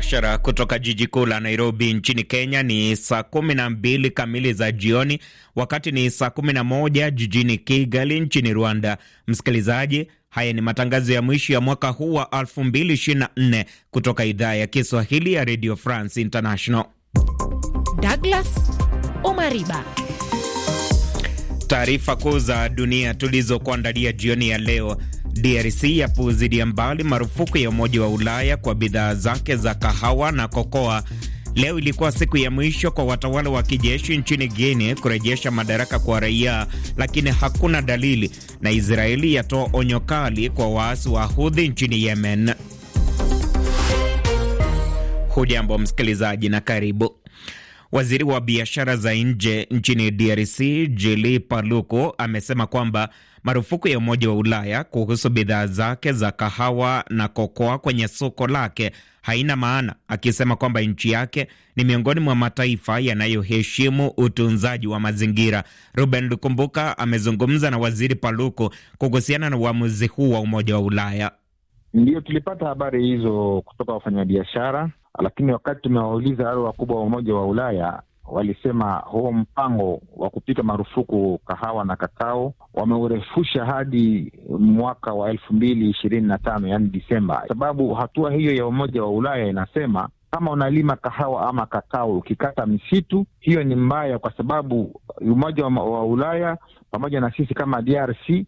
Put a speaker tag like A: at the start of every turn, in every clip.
A: mubashara kutoka jiji kuu la Nairobi nchini Kenya. Ni saa kumi na mbili kamili za jioni, wakati ni saa kumi na moja jijini Kigali nchini Rwanda. Msikilizaji, haya ni matangazo ya mwisho ya mwaka huu wa 2024 kutoka idhaa ya Kiswahili ya Radio France International. Douglas Omariba, taarifa kuu za dunia tulizokuandalia jioni ya leo. DRC yapuuzilia mbali marufuku ya Umoja wa Ulaya kwa bidhaa zake za kahawa na kokoa. Leo ilikuwa siku ya mwisho kwa watawala wa kijeshi nchini Guinea kurejesha madaraka kwa raia, lakini hakuna dalili. Na Israeli yatoa onyo kali kwa waasi wa Houthi nchini Yemen. Hujambo msikilizaji na karibu. Waziri wa biashara za nje nchini DRC Jili Paluku amesema kwamba marufuku ya Umoja wa Ulaya kuhusu bidhaa zake za kahawa na kokoa kwenye soko lake haina maana, akisema kwamba nchi yake ni miongoni mwa mataifa yanayoheshimu utunzaji wa mazingira. Ruben Lukumbuka amezungumza na Waziri Paluku kuhusiana na uamuzi huu wa
B: Umoja wa Ulaya. ndio tulipata habari hizo kutoka wafanyabiashara lakini wakati tumewauliza wale wakubwa wa Umoja wa Ulaya walisema huo mpango wa kupiga marufuku kahawa na kakao wameurefusha hadi mwaka wa elfu mbili ishirini na tano yaani Disemba, sababu hatua hiyo ya Umoja wa Ulaya inasema kama unalima kahawa ama kakao ukikata misitu, hiyo ni mbaya, kwa sababu Umoja wa Ulaya pamoja na sisi kama DRC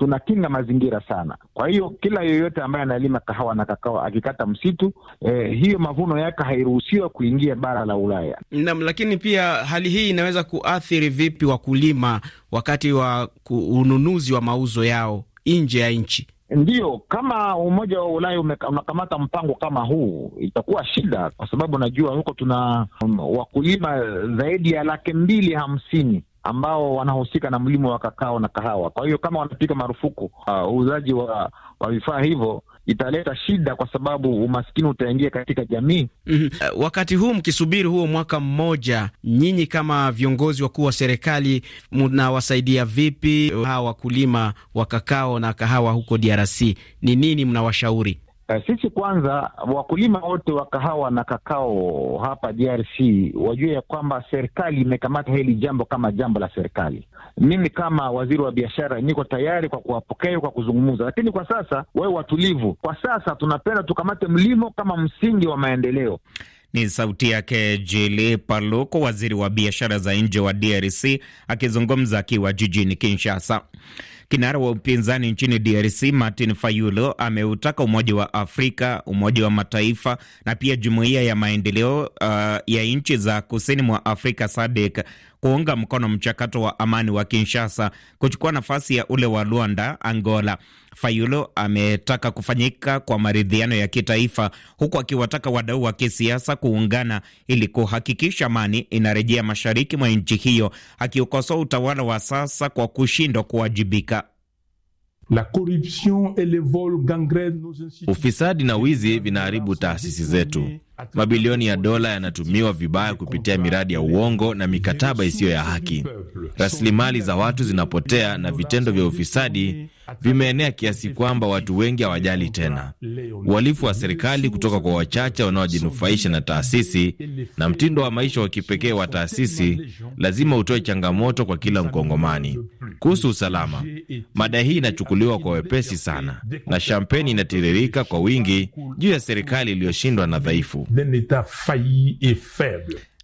B: tunakinga mazingira sana. Kwa hiyo kila yoyote ambaye analima kahawa na kakao akikata msitu eh, hiyo mavuno yake hairuhusiwa kuingia bara la Ulaya.
C: Naam, lakini pia hali hii inaweza kuathiri vipi wakulima wakati wa ununuzi wa mauzo yao nje ya nchi?
B: Ndiyo, kama Umoja wa Ulaya unakamata mpango kama huu itakuwa shida, kwa sababu najua huko tuna um, wakulima zaidi ya laki mbili hamsini ambao wanahusika na mlimo wa kakao na kahawa. Kwa hiyo kama wanapiga marufuku uh, uuzaji uh, wa, wa vifaa hivyo italeta shida, kwa sababu umaskini utaingia katika jamii. mm
C: -hmm. Uh, wakati huu mkisubiri huo mwaka mmoja, nyinyi kama viongozi wakuu wa serikali mnawasaidia vipi hawa wakulima wa kakao na kahawa huko DRC?
B: Ni nini mnawashauri? Eh, sisi kwanza, wakulima wote wa kahawa na kakao hapa DRC wajue ya kwamba serikali imekamata hili jambo kama jambo la serikali. Mimi kama waziri wa biashara niko tayari kwa kuwapokea, kwa kuzungumza, lakini kwa sasa wawe watulivu. Kwa sasa tunapenda tukamate mlimo kama msingi wa maendeleo.
A: Ni sauti yake Jili Paluku, waziri wa biashara za nje wa DRC akizungumza akiwa jijini Kinshasa. Kinara wa upinzani nchini DRC Martin fayulo ameutaka Umoja wa Afrika, Umoja wa Mataifa na pia Jumuiya ya Maendeleo uh, ya Nchi za Kusini mwa Afrika SADC kuunga mkono mchakato wa amani wa Kinshasa kuchukua nafasi ya ule wa Luanda, Angola. Fayulu ametaka kufanyika kwa maridhiano ya kitaifa, huku akiwataka wadau wa kisiasa kuungana ili kuhakikisha amani inarejea mashariki mwa nchi hiyo, akiukosoa
D: utawala wa sasa kwa kushindwa kuwajibika. La corruption et le vol nos institutions. Ufisadi na wizi vinaharibu taasisi zetu Mabilioni ya dola yanatumiwa vibaya kupitia miradi ya uongo na mikataba isiyo ya haki. Rasilimali za watu zinapotea na vitendo vya ufisadi vimeenea kiasi kwamba watu wengi hawajali tena. Uhalifu wa serikali kutoka kwa wachache wanaojinufaisha na taasisi na mtindo wa maisha wa kipekee wa taasisi lazima utoe changamoto kwa kila Mkongomani. Kuhusu usalama, mada hii inachukuliwa kwa wepesi sana na shampeni inatiririka kwa wingi juu ya serikali iliyoshindwa na dhaifu.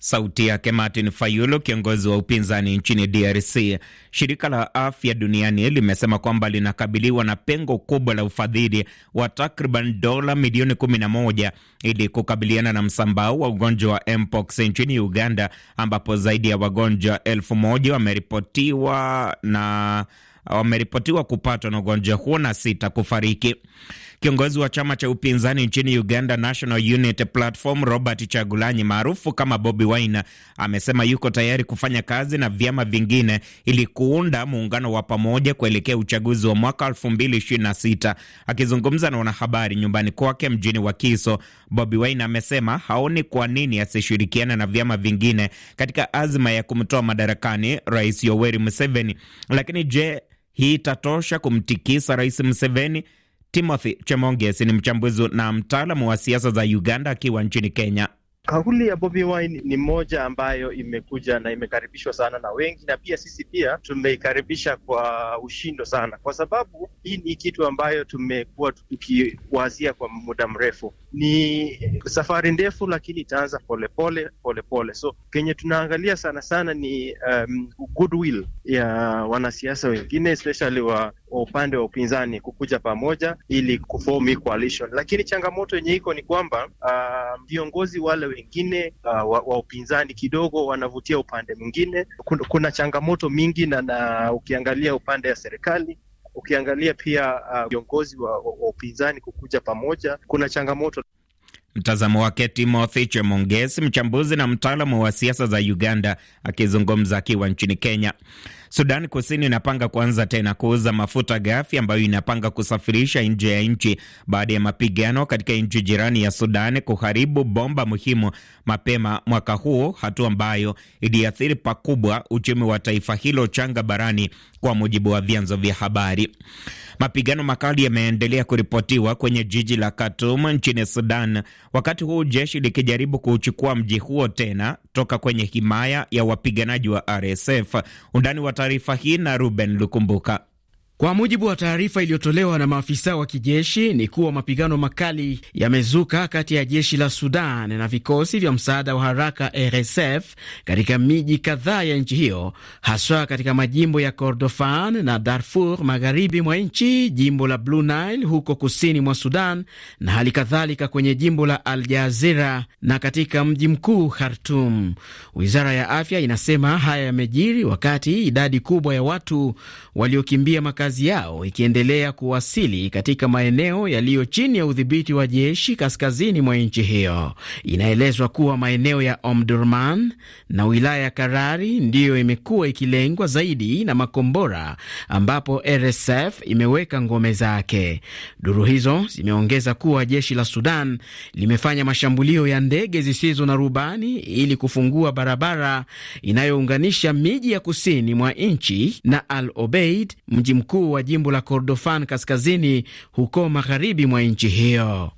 D: Sauti yake Martin Fayulu, kiongozi wa upinzani nchini
A: DRC. Shirika la Afya Duniani limesema kwamba linakabiliwa na pengo kubwa la ufadhili wa takriban dola milioni 11 ili kukabiliana na msambao wa ugonjwa wa mpox nchini Uganda, ambapo zaidi ya wagonjwa elfu moja wameripotiwa na wameripotiwa kupatwa na ugonjwa huo na sita kufariki. Kiongozi wa chama cha upinzani nchini Uganda, National Unity Platform, Robert Chagulanyi maarufu kama Bobi Wine amesema yuko tayari kufanya kazi na vyama vingine ili kuunda muungano wa pamoja kuelekea uchaguzi wa mwaka 2026. Akizungumza na wanahabari nyumbani kwake mjini Wakiso, Bobi Wine amesema haoni kwa nini asishirikiana na vyama vingine katika azma ya kumtoa madarakani Rais Yoweri Museveni. Lakini je, hii itatosha kumtikisa Rais Museveni? Timothy Chemonges ni mchambuzi na mtaalamu wa siasa za Uganda akiwa nchini Kenya.
D: Kauli ya Bobi Wine ni moja ambayo imekuja na imekaribishwa sana na wengi, na pia sisi pia tumeikaribisha kwa ushindo sana, kwa sababu hii ni kitu ambayo tumekuwa tukiwazia kwa muda mrefu. Ni safari ndefu, lakini itaanza polepole polepole. So kenye tunaangalia sana sana ni um, goodwill ya wanasiasa wengine especially wa wa upande wa upinzani kukuja pamoja ili kufomi coalition, lakini changamoto yenye iko ni kwamba ah, viongozi uh, wale wengine uh, wa, wa upinzani kidogo wanavutia upande mwingine. Kuna, kuna changamoto mingi na, na ukiangalia upande ya serikali ukiangalia pia ah, viongozi uh, wa, wa, wa upinzani kukuja pamoja kuna changamoto.
A: Mtazamo wake Timothy Chemonges, mchambuzi na mtaalamu wa siasa za Uganda, akizungumza akiwa nchini Kenya. Sudan Kusini inapanga kuanza tena kuuza mafuta ghafi ambayo inapanga kusafirisha nje ya nchi baada ya mapigano katika nchi jirani ya Sudan kuharibu bomba muhimu mapema mwaka huu, hatua ambayo iliathiri pakubwa uchumi wa taifa hilo changa barani kwa mujibu wa vyanzo vya habari. Mapigano makali yameendelea kuripotiwa kwenye jiji la Khartoum nchini Sudan, wakati huu jeshi likijaribu kuuchukua mji huo tena toka kwenye himaya ya wapiganaji wa RSF.
C: Undani wa taarifa hii na Ruben Lukumbuka. Kwa mujibu wa taarifa iliyotolewa na maafisa wa kijeshi ni kuwa mapigano makali yamezuka kati ya jeshi la Sudan na vikosi vya msaada wa haraka RSF katika miji kadhaa ya nchi hiyo, haswa katika majimbo ya Kordofan na Darfur magharibi mwa nchi, jimbo la Blue Nile huko kusini mwa Sudan na hali kadhalika kwenye jimbo la Al Jazira na katika mji mkuu Khartum. Wizara ya afya inasema haya yamejiri wakati idadi kubwa ya watu waliokimbia kazi yao ikiendelea kuwasili katika maeneo yaliyo chini ya udhibiti wa jeshi kaskazini mwa nchi hiyo. Inaelezwa kuwa maeneo ya Omdurman na wilaya ya Karari ndiyo imekuwa ikilengwa zaidi na makombora, ambapo RSF imeweka ngome zake. Duru hizo zimeongeza kuwa jeshi la Sudan limefanya mashambulio ya ndege zisizo na rubani ili kufungua barabara inayounganisha miji ya kusini mwa nchi na Al Obeid, mji mkuu mkuu wa jimbo la Kordofan kaskazini huko magharibi mwa nchi hiyo.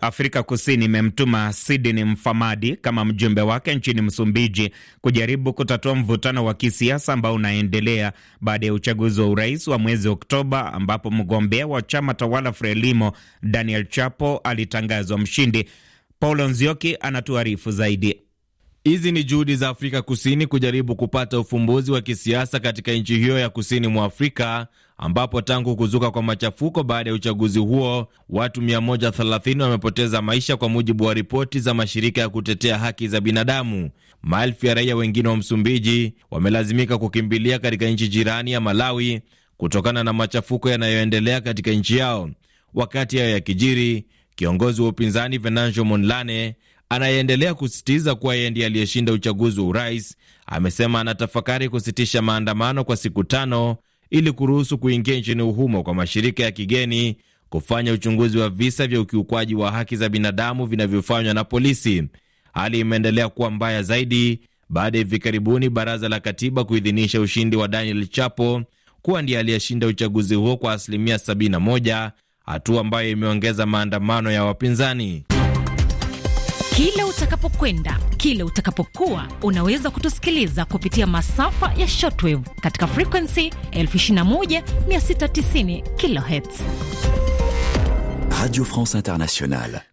C: Afrika Kusini imemtuma Sidini
A: Mfamadi kama mjumbe wake nchini Msumbiji kujaribu kutatua mvutano wa kisiasa ambao unaendelea baada ya uchaguzi wa urais wa mwezi Oktoba, ambapo mgombea wa chama tawala Frelimo Daniel Chapo alitangazwa mshindi. Paulo Nzioki anatuarifu
D: zaidi. Hizi ni juhudi za Afrika Kusini kujaribu kupata ufumbuzi wa kisiasa katika nchi hiyo ya kusini mwa Afrika ambapo tangu kuzuka kwa machafuko baada ya uchaguzi huo watu 130 wamepoteza maisha, kwa mujibu wa ripoti za mashirika ya kutetea haki za binadamu. Maelfu ya raia wengine wa Msumbiji wamelazimika kukimbilia katika nchi jirani ya Malawi kutokana na machafuko yanayoendelea katika nchi yao. Wakati hayo yakijiri, kiongozi wa upinzani Venancio Mondlane anayeendelea kusisitiza kuwa yeye ndiye aliyeshinda uchaguzi wa urais amesema anatafakari kusitisha maandamano kwa siku tano ili kuruhusu kuingia nchini humo kwa mashirika ya kigeni kufanya uchunguzi wa visa vya ukiukwaji wa haki za binadamu vinavyofanywa na polisi. Hali imeendelea kuwa mbaya zaidi baada ya hivi karibuni baraza la katiba kuidhinisha ushindi wa Daniel Chapo kuwa ndiye aliyeshinda uchaguzi huo kwa asilimia 71, hatua ambayo imeongeza maandamano ya wapinzani.
C: Kila utakapokwenda, kila utakapokuwa, unaweza kutusikiliza kupitia masafa ya shortwave katika frequency 21690 kHz.
D: Radio France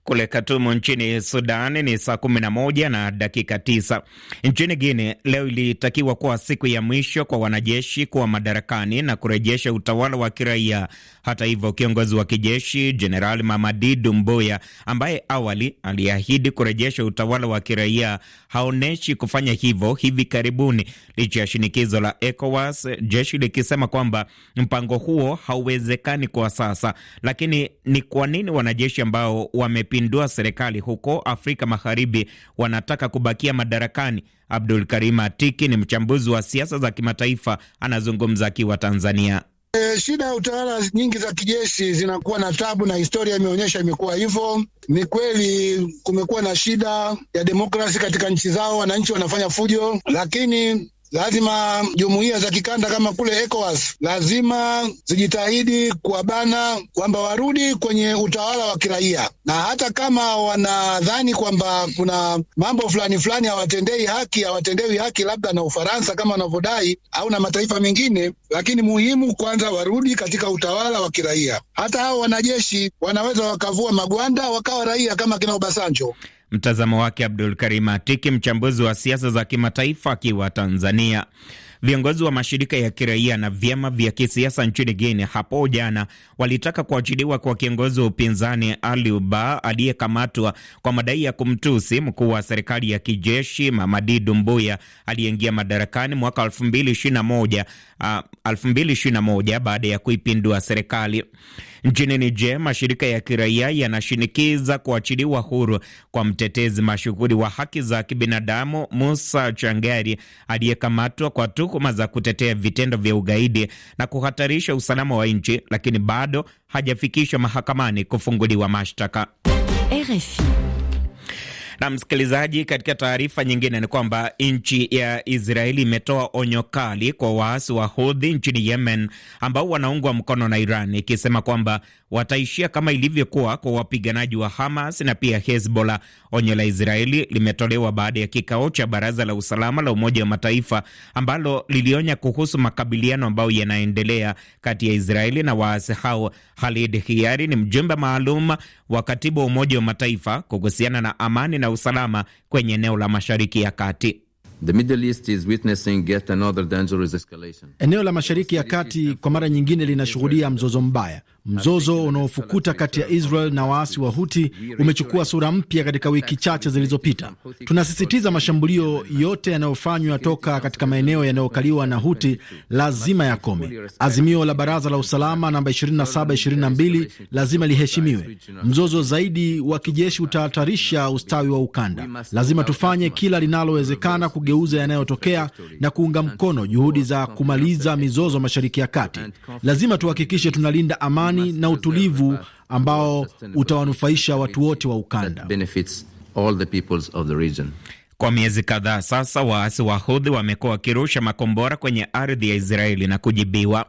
A: Kule Katumu nchini Sudani ni saa 11 na dakika 9. Nchini guine leo ilitakiwa kuwa siku ya mwisho kwa wanajeshi kuwa madarakani na kurejesha utawala wa kiraia hata hivyo, kiongozi wa kijeshi Jenerali Mamadi Dumbuya ambaye awali aliahidi kurejesha utawala wa kiraia haoneshi kufanya hivyo hivi karibuni, licha ya shinikizo la ECOWAS, jeshi likisema kwamba mpango huo hauwezekani kwa sasa. Lakini ni kwa nini wanajeshi ambao wamepindua serikali huko Afrika Magharibi wanataka kubakia madarakani? Abdul Karim Atiki ni mchambuzi wa siasa za kimataifa, anazungumza akiwa Tanzania.
B: E, shida ya utawala nyingi za kijeshi zinakuwa na tabu, na historia imeonyesha imekuwa hivyo. Ni kweli kumekuwa na shida ya demokrasi katika nchi zao, wananchi wanafanya fujo, lakini lazima jumuiya za kikanda kama kule ECOWAS lazima zijitahidi kuwabana kwamba warudi kwenye utawala wa kiraia, na hata kama wanadhani kwamba kuna mambo fulani fulani hawatendei haki hawatendewi haki labda na Ufaransa kama wanavyodai au na mataifa mengine, lakini muhimu kwanza warudi katika utawala wa kiraia. Hata hao wanajeshi wanaweza wakavua magwanda wakawa raia kama kina Obasanjo.
A: Mtazamo wake Abdul Karim Atiki, mchambuzi wa siasa za kimataifa akiwa Tanzania. Viongozi wa mashirika ya kiraia na vyama vya kisiasa nchini Guinea hapo jana walitaka kuachiliwa kwa kiongozi wa upinzani Ali aliyekamatwa kwa madai ya kumtusi mkuu wa serikali ya kijeshi Mamadi Dumbuya aliyeingia madarakani mwaka 2021 baada ya kuipindua serikali. Nchini Niger, mashirika ya kiraia yanashinikiza kuachiliwa huru kwa mtetezi mashuhuri wa haki za kibinadamu Musa Changari aliyekamatwa kwa tu tuhuma za kutetea vitendo vya ugaidi na kuhatarisha usalama wa nchi, lakini bado hajafikishwa mahakamani kufunguliwa mashtaka. RFI na msikilizaji, katika taarifa nyingine ni kwamba nchi ya Israeli imetoa onyo kali kwa waasi wa Hudhi nchini Yemen ambao wanaungwa mkono na Iran, ikisema kwamba wataishia kama ilivyokuwa kwa wapiganaji wa Hamas na pia Hezbola. Onyo la Israeli limetolewa baada ya kikao cha Baraza la Usalama la Umoja wa Mataifa ambalo lilionya kuhusu makabiliano ambayo yanaendelea kati ya Israeli na waasi hao. Khalid Hiari ni mjumbe maalum wa katibu wa Umoja wa Mataifa kuhusiana na amani na usalama kwenye eneo la Mashariki ya Kati.
D: The Middle East is witnessing yet another dangerous
A: escalation.
C: Eneo la Mashariki ya Kati kwa mara nyingine linashuhudia mzozo mbaya. Mzozo unaofukuta kati ya Israel na waasi wa Huti umechukua sura mpya katika wiki chache zilizopita. Tunasisitiza mashambulio yote yanayofanywa toka katika maeneo yanayokaliwa na Huti lazima yakome. Azimio la Baraza la Usalama namba 2722 lazima liheshimiwe. Mzozo zaidi wa kijeshi utahatarisha ustawi wa ukanda. Lazima tufanye kila linalowezekana kuge mageuzi yanayotokea na kuunga mkono juhudi za kumaliza mizozo Mashariki ya Kati. Lazima tuhakikishe tunalinda amani na utulivu ambao utawanufaisha watu wote wa ukanda.
A: Kwa miezi kadhaa sasa, waasi wa Hudhi wamekuwa wakirusha makombora kwenye ardhi ya Israeli na kujibiwa.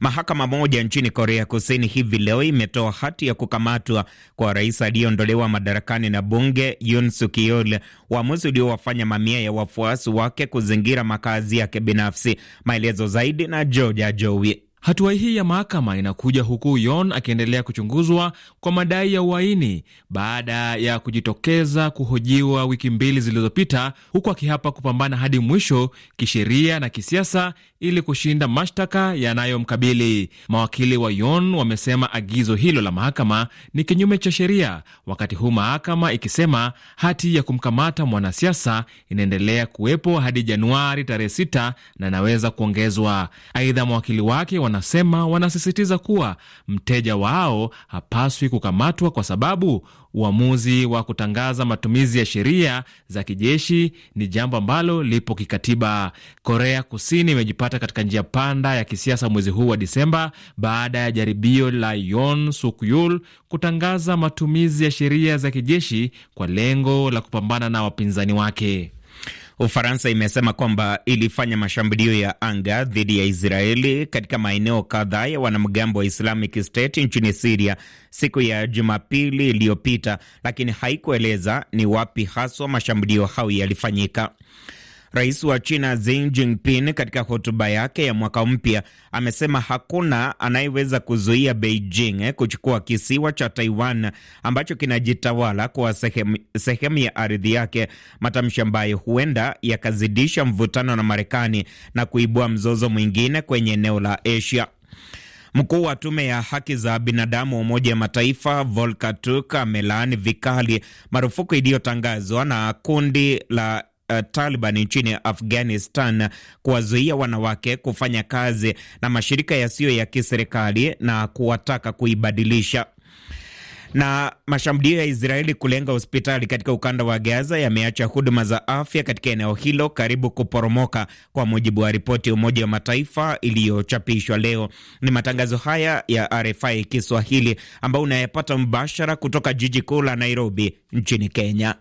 A: Mahakama moja nchini Korea Kusini hivi leo imetoa hati ya kukamatwa kwa rais aliyeondolewa madarakani na bunge Yoon Suk Yeol, uamuzi uliowafanya mamia ya wafuasi wake kuzingira makazi yake binafsi. Maelezo
D: zaidi na Joja Jowi. Hatua hii ya mahakama inakuja huku Yon akiendelea kuchunguzwa kwa madai ya uhaini baada ya kujitokeza kuhojiwa wiki mbili zilizopita, huku akihapa kupambana hadi mwisho kisheria na kisiasa ili kushinda mashtaka yanayomkabili. Mawakili wa Yon wamesema agizo hilo la mahakama ni kinyume cha sheria, wakati huu mahakama ikisema hati ya kumkamata mwanasiasa inaendelea kuwepo hadi Januari tarehe 6 na inaweza kuongezwa. Aidha, mawakili wake wanasema wanasisitiza kuwa mteja wao hapaswi kukamatwa kwa sababu uamuzi wa kutangaza matumizi ya sheria za kijeshi ni jambo ambalo lipo kikatiba. Korea Kusini imejipata katika njia panda ya kisiasa mwezi huu wa Disemba baada ya jaribio la Yoon Suk Yeol kutangaza matumizi ya sheria za kijeshi kwa lengo la kupambana na wapinzani wake. Ufaransa imesema kwamba ilifanya mashambulio ya anga
A: dhidi ya Israeli katika maeneo kadhaa ya wanamgambo wa Islamic State nchini Siria siku ya Jumapili iliyopita, lakini haikueleza ni wapi haswa mashambulio hayo yalifanyika. Rais wa China Xi Jinping katika hotuba yake ya mwaka mpya amesema hakuna anayeweza kuzuia Beijing kuchukua kisiwa cha Taiwan ambacho kinajitawala kuwa sehemu, sehemu ya ardhi yake, matamshi ambayo huenda yakazidisha mvutano na Marekani na kuibua mzozo mwingine kwenye eneo la Asia. Mkuu wa tume ya haki za binadamu wa Umoja wa Mataifa Volker Turk amelaani vikali marufuku iliyotangazwa na kundi la uh, Taliban nchini Afghanistan kuwazuia wanawake kufanya kazi na mashirika yasiyo ya kiserikali na kuwataka kuibadilisha na mashambulio ya Israeli kulenga hospitali katika ukanda wa Gaza yameacha huduma za afya katika eneo hilo karibu kuporomoka, kwa mujibu wa ripoti ya Umoja wa Mataifa iliyochapishwa leo. Ni matangazo haya ya RFI Kiswahili ambayo unayapata mbashara kutoka jiji kuu la Nairobi nchini Kenya.